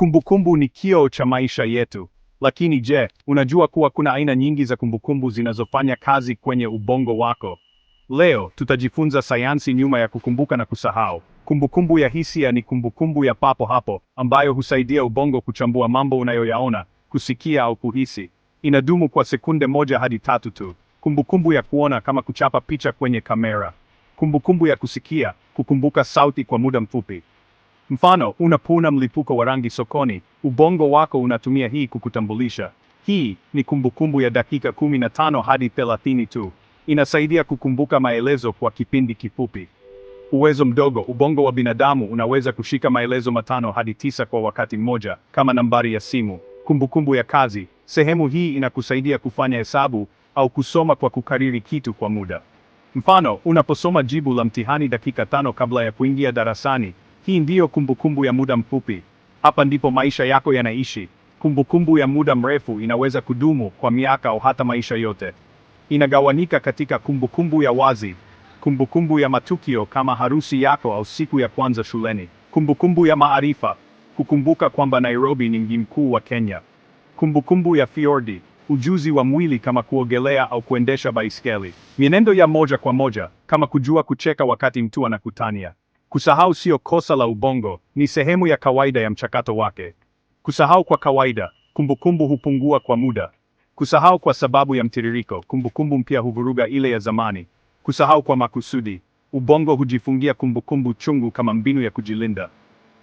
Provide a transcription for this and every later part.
Kumbukumbu ni kioo cha maisha yetu, lakini je, unajua kuwa kuna aina nyingi za kumbukumbu zinazofanya kazi kwenye ubongo wako? Leo tutajifunza sayansi nyuma ya kukumbuka na kusahau. Kumbukumbu ya hisia ni kumbukumbu ya papo hapo ambayo husaidia ubongo kuchambua mambo unayoyaona, kusikia au kuhisi. Inadumu kwa sekunde moja hadi tatu tu. Kumbukumbu ya kuona kama kuchapa picha kwenye kamera. Kumbukumbu ya kusikia, kukumbuka sauti kwa muda mfupi. Mfano, unapuna mlipuko wa rangi sokoni, ubongo wako unatumia hii kukutambulisha. Hii ni kumbukumbu ya dakika 15 hadi 30 tu. Inasaidia kukumbuka maelezo kwa kipindi kifupi. Uwezo mdogo: ubongo wa binadamu unaweza kushika maelezo matano hadi tisa kwa wakati mmoja, kama nambari ya simu. Kumbukumbu ya kazi: sehemu hii inakusaidia kufanya hesabu au kusoma kwa kukariri kitu kwa muda. Mfano, unaposoma jibu la mtihani dakika tano kabla ya kuingia darasani, hii ndiyo kumbukumbu ya muda mfupi. Hapa ndipo maisha yako yanaishi. Kumbukumbu ya muda mrefu inaweza kudumu kwa miaka au hata maisha yote. Inagawanika katika kumbukumbu ya wazi, kumbukumbu ya matukio kama harusi yako au siku ya kwanza shuleni, kumbukumbu ya maarifa, kukumbuka kwamba Nairobi ni mji mkuu wa Kenya, kumbukumbu ya fiordi, ujuzi wa mwili kama kuogelea au kuendesha baiskeli, mienendo ya moja kwa moja kama kujua kucheka wakati mtu anakutania. Kusahau sio kosa la ubongo, ni sehemu ya kawaida ya mchakato wake. Kusahau kwa kawaida, kumbukumbu hupungua kwa muda. Kusahau kwa sababu ya mtiririko, kumbukumbu mpya huvuruga ile ya zamani. Kusahau kwa makusudi, ubongo hujifungia kumbukumbu chungu kama mbinu ya kujilinda.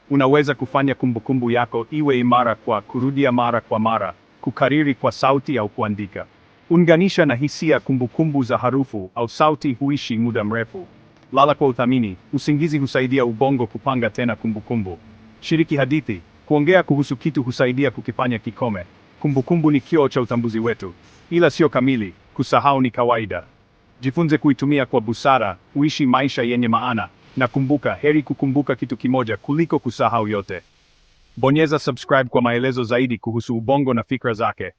Unaweza kufanya kumbukumbu yako iwe imara kwa kurudia mara kwa mara, kukariri kwa sauti au kuandika. Unganisha na hisia, kumbukumbu za harufu au sauti huishi muda mrefu. Lala kwa uthamini, usingizi husaidia ubongo kupanga tena kumbukumbu. Shiriki hadithi, kuongea kuhusu kitu husaidia kukifanya kikome. Kumbukumbu ni kioo cha utambuzi wetu, ila sio kamili. Kusahau ni kawaida. Jifunze kuitumia kwa busara, uishi maisha yenye maana, na kumbuka, heri kukumbuka kitu kimoja kuliko kusahau yote. Bonyeza subscribe kwa maelezo zaidi kuhusu ubongo na fikra zake.